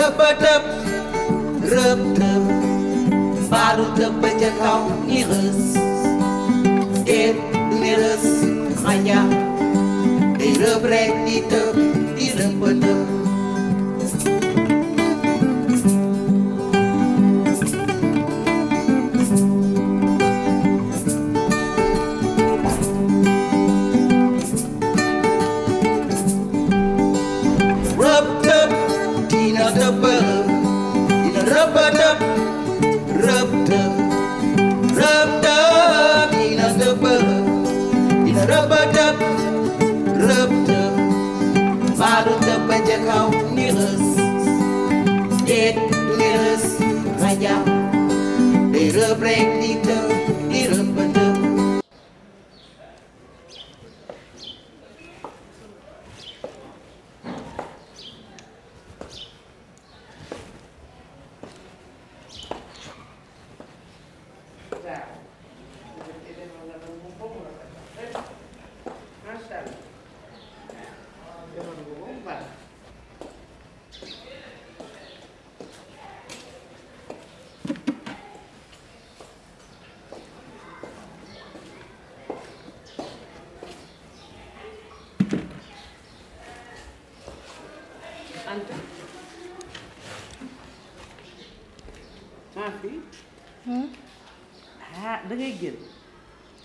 Rubadub, rubdub, baru tebaja kau iris. Get liris, hanya di rubrek di tep, di rubadub. break the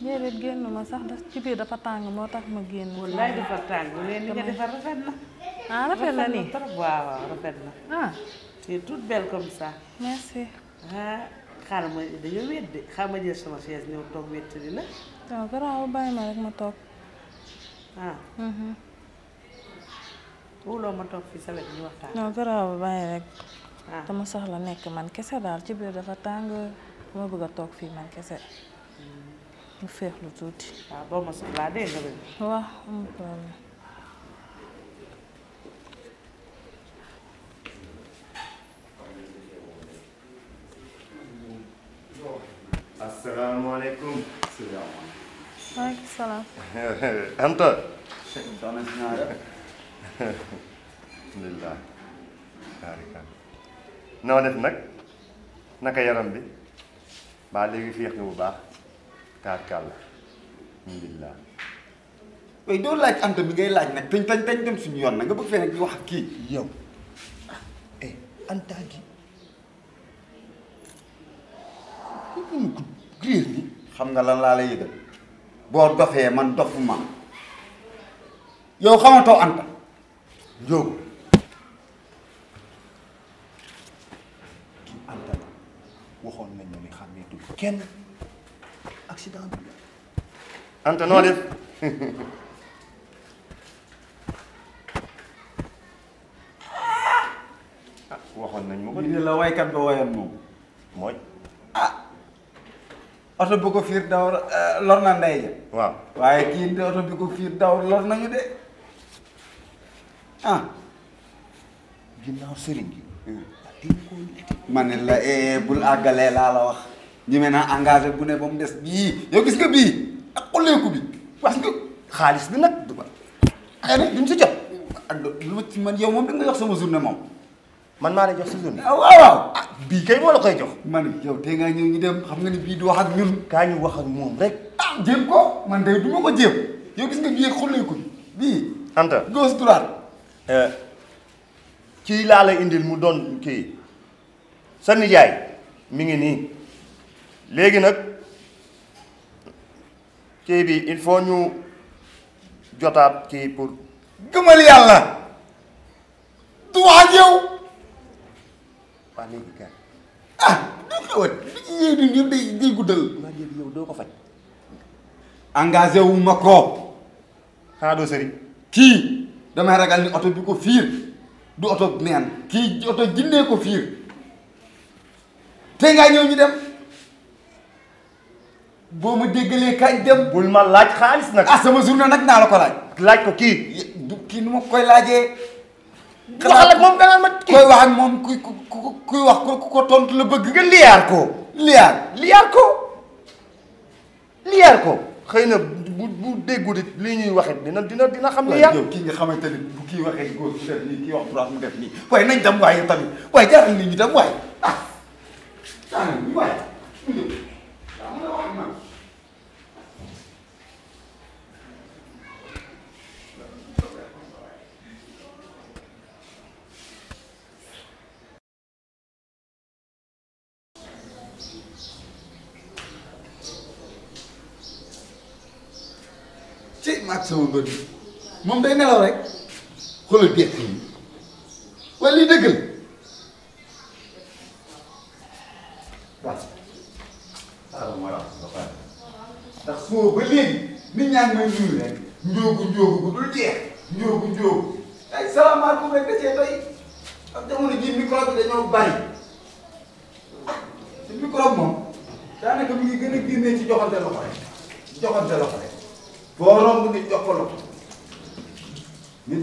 déedéet génn ma sax da ci biir dafa tàng moo tax ma génn. wallaay dafa tàng mais nga defar rafet na. ah rafet na nii trop waaw rafet na. ah c'est tout belle comme ça. merci. ah xaaral ma dañoo wét de ma jël sama chaise ñëw toog wéttali la. waaw garaaw bàyyi ma rek ma toog. ah. wuloo ma toog fii sa wet ñu waxtaan. non garaaw bàyyi rek. dama soxla nekk man kese daal ci biir dafa tàng ma bëgg a toog fii man kese. نفيحلو توتي بابا مصر بعدين قبل واه مطلع السلام عليكم السلام عليكم وعليكم السلام انت الحمد لله بارك noo def nag naka yaram bi baa léegi féex nga bu tarkal alhamdulilah waaye doo laaj anta bi ngay laaj nag tañ tañ tañ dem suñu yoon na nga bëgg fee nag wax ak kii yow eh anta gi mu ko réer ni xam nga lan laa lay yëgal boo dofee man dofu ma yow xamatoo anta njóogu kii anta waxoon nañ ma ni xàmmeetul kenn accident bi la anta noo def nañ ma ko ne la waykat ba wayoon moom mooy ah ko fiir daw lor na ndey ja waaw ko fiir daw lor de ah ginnaaw sëriñ gi ma ne la bul àggalee laa ñeme naa ah engagé bu ne ba mu des bii yow gis nga bii ak xolleeku ku parce que xaalis bi nag du ba xëy na duñ si ah, lu ci man yow moom da nga jox sama journée moom. man maa lay jox sa journée. Ah, waaw bii kay moo la koy jox. man yow tey ngaa ñu dem xam nga ni bii du wax ak ñun. kaa wax ak moom rek. ah jéem ko man day du ma yow gis nga bii ak xolleeku bi bii. Anta gauche droite. ci eh, indil mu doon kii sa nijaay mi ngi nii. léegi nag kii bi il faut ñu jotaat kii pour gëmal yàlla du wax yow waa léegi kay ah du xewat yooyu du yëpp day day guddal waa léegi yow doo ko faj engagé wu xanaa doo sëriñ kii damay ragal ni oto bi ko fiir du oto neen kii oto jinnee ko fiir te ngaa ñëw ñu dem boo ma déggalee kañ dem. bul ma laaj xaalis nag. ah sama journée nag naa la ko laaj. laaj ko kii. du kii nu ma koy laajee. waxal ak moom danaa ma kii koy wax ak moom kuy ku ko tontu la bëgg. nga liyaar ko. liyaar liyaar ko. liyaar ko. xëy na bu bu déggut it li ñuy wax dina dina dina xam. liyaar kii nga xamante ni bu kii waxee góor mu kii wax droit mu def nii waaye nañ dem waaye tamit waaye jaaral nit ñi dem waaye ah, maag sama bët moom day nelaw rek xoolal dex yi wala lii dëgg la waaw moo tax ba pare ndax soo ba léegi nit ñaa ngi may nuyu rek njóogu njóogu bu dul jeex njóogu njóogu ay salaamaaleykum rek da cee doy ak jamono jii microbe bi dañoo bari te microbe moom daanaka mu ngi gën a génnee ci joxante loxo rek joxante loxo foo romb nit jox ko loxo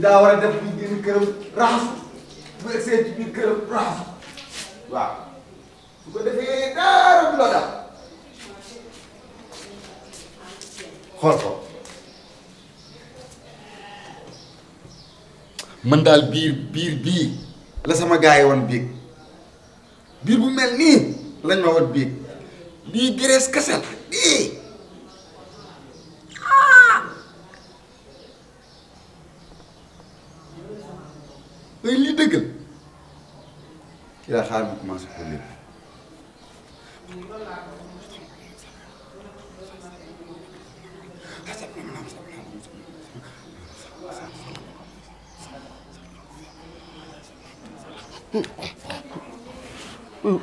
daa war a def buy génn këram raxasu bu egsee ci biir këram raxasu waaw su defee dara du la daal xool ko man daal biir biir bii la sama gars biig biir bu mel nii lañ ma woon biig lii gërees kese وي لي دغل الى خارج ما سحب لي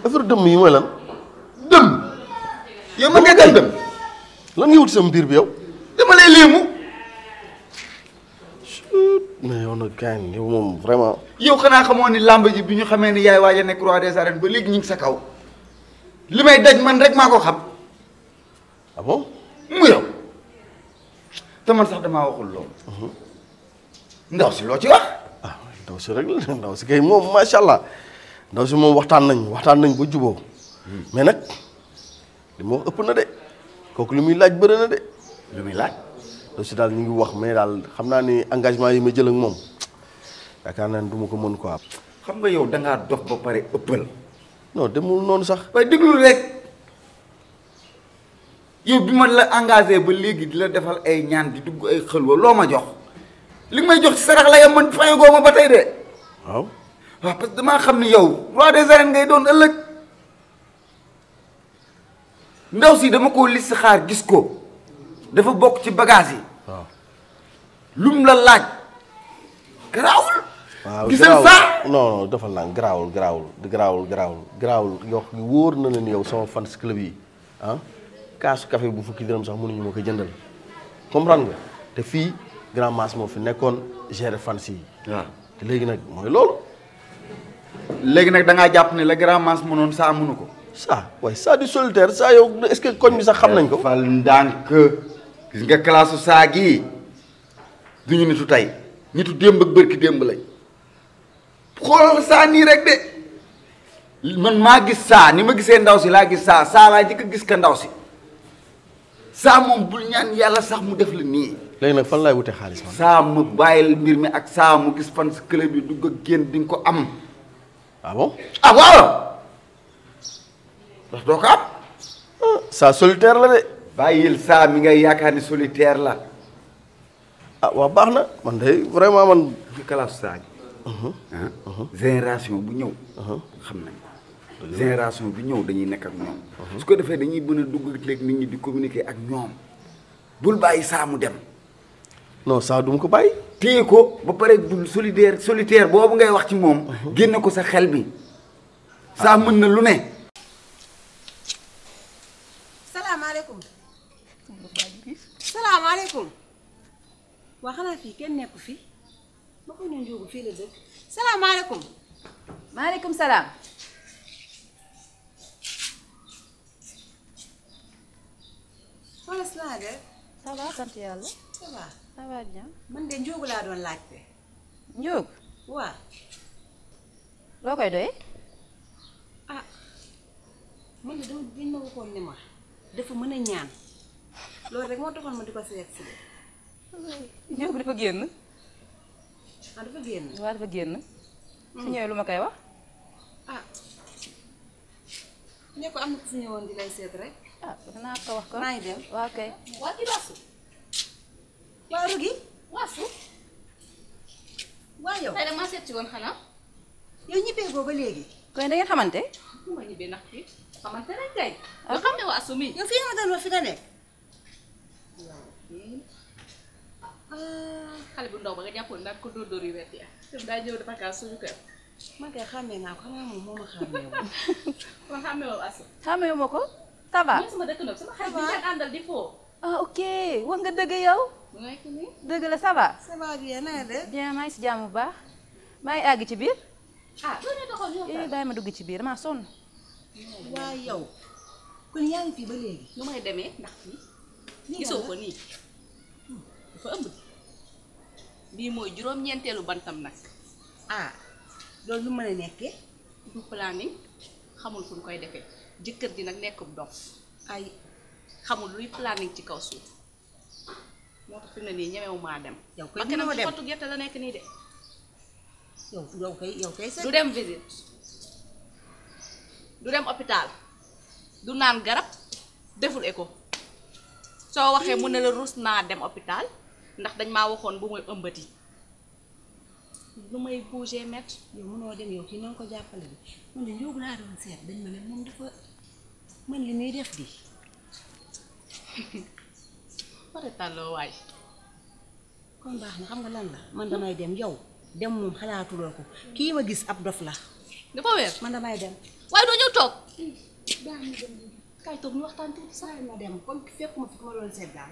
افر دم يما لان دم يما دغل دم لان يوت سم بير بيو دما لي ليمو mais yow nag gaañ yow moom vraiment. yow xanaa xamoo ni làmb ji bi ñu xamee ni yaay waaj rek maa ko xam. ah bon. mu yow te man sax damaa waxul loolu. Mhm. ndaw si loo ci wax. ah allah ndaw si moom waxtaan nañ waxtaan nañ ba juboo hmm. mais nag li ma wax de kooku li aussi dal ñi ngi wax mais dal xamna ni engagement yi ma jël ak mom yaakaar naa ne ko mën quoi. xam nga yow da nga dox ba paré eppal non demul non sax. way deglu rek yow bima la engagé ba légui dila défal ay ñaan di dugg ay xëlwa lo ma jox li may jox ci sarax la yam man fay goma ba tey de. waaw. waaw parce que damaa xam ni yow roi des arènes ngay doon ëlëk ndaw si dama ko xaar gis ko dafa bok ci bagage yi. lum la laaj. grawul waaw gisal saa non non dafa grawul naan garaawul grawul grawul garaawul garaawul ni wóor na len yow sama fans club yi han ah, kaasu café bu fukki dërëm sax munu ñu mako jëndal comprendre nga te fi grand masse mo fi nekkon gérer fans yi. te léegi nak moy loolu. léegi nak da nga japp ni le grand masse mënoon sa mënu ko. sa way sa du solitaire sa yow est ce que koñ bi sax xam nañ ko. fal dank gis nga kalaasu saa gii du ñu nitu tey nitu démb ak bërki démb lañ xoolal saa nii rek de man maa gis saa ni ma gisee ndaw si laa gis saa saa laa jëkk gis ka ndaw si saa moom bul ñaan yàlla sax mu def la nii. léegi nag fan laay wute xaalis man. saa mu bàyyil mbir mi ak saa mu gis fan si club yi dugg ak génn di ko am. ah ah waaw. ndax doo ko am. Ah, saa solitaire la de. bàyyil saa mi ngay yaakaar ni solitaire la. ah waaw baax na man de vraiment man. ci kalaasu saa gi. Uh-huh. Ah, uh-huh. génération bu ñëw. Uh-huh. xam nañ génération bu ñëw dañuy nekk ak ñoom. su ko defee dañuy mën a dugg léegi nit ñi di communiquer ak ñoom bul bàyyi saa mu dem. non saa du ko bàyyi. téye ko ba pare du solidaire solitaire boobu ngay wax ci moom. génne ko sa xel bi saa mën na lu ne. salaamaaleykum. السلام عليكم واخنا في كان نيكو في ما كنا نجوغو في لدك السلام عليكم وعليكم السلام خلاص لاغ صباح كنت يالا صباح صباح جام من دي نجوغو لا دون لاجتي نجوغ وا لوكاي دوي اه من دي دين ما وكون نيما دافا مانا نيان loolu rek moo taxoon ma di ko seet si. Diop dafa génn. ah dafa génn. waaw dafa génn. su hmm. ñëwee lu ma koy wax. ah ne ko am na ku fi ñëwoon di lay seet rek. ah naa ko wax ko maa ngi waa kii waa Rugi. waa yow tey nag maa seet si ba léegi. kon da ngeen xamante. fu ma xamante nañ kay. Ah. nga xam ne waasu mii. yow fii nga doon wax fi nga nekk. xale bu ndaw ba nga jàppoon ndax ya daa ñëw dafa kaa suñu kër man kay xàmmee naa ko xanaa moom moo ma xàmmee woon kon xàmmee woo Assa di foo ah ok wax nga dëgg yow dëgg la ça va ça va bien na de bien maa ngi si jàmm bu baax maa ngi àgg ci biir ah loolu doxoon yow bàyyi ma dugg ci biir damaa dafa ëmb bii mooy juróom-ñeenteelu bantam nag ah loolu lu mën a nekkee du planning xamul fu ñu koy defee jëkkër ji nag nekkub dox ay xamul luy planning ci kaw suuf moo tax fi mu ne nii ñemewu maa dem yow kay mënoo dem gerte la nekk nii de yow yow kay du dem visite du dem hôpital du naan garab deful écho soo waxee mu ne la rus naa dem hôpital ndax dañ maa waxoon bu muy ëmbati lu may bougé mett yow mënoo dem yow kii na ko jàppale bi man de yóbbu laa doon seet dañ ma ne moom dafa man li muy def di pare tàlloo waay kon baax na xam nga lan la man damay dem yow dem moom xalaatuloo ko kii ma gis ab dof la dafa weer man damay dem waaye doo ñëw toog baax na toog ñu waxtaan tuuti sax ma dem kon fekk ma fi ma doon seet daal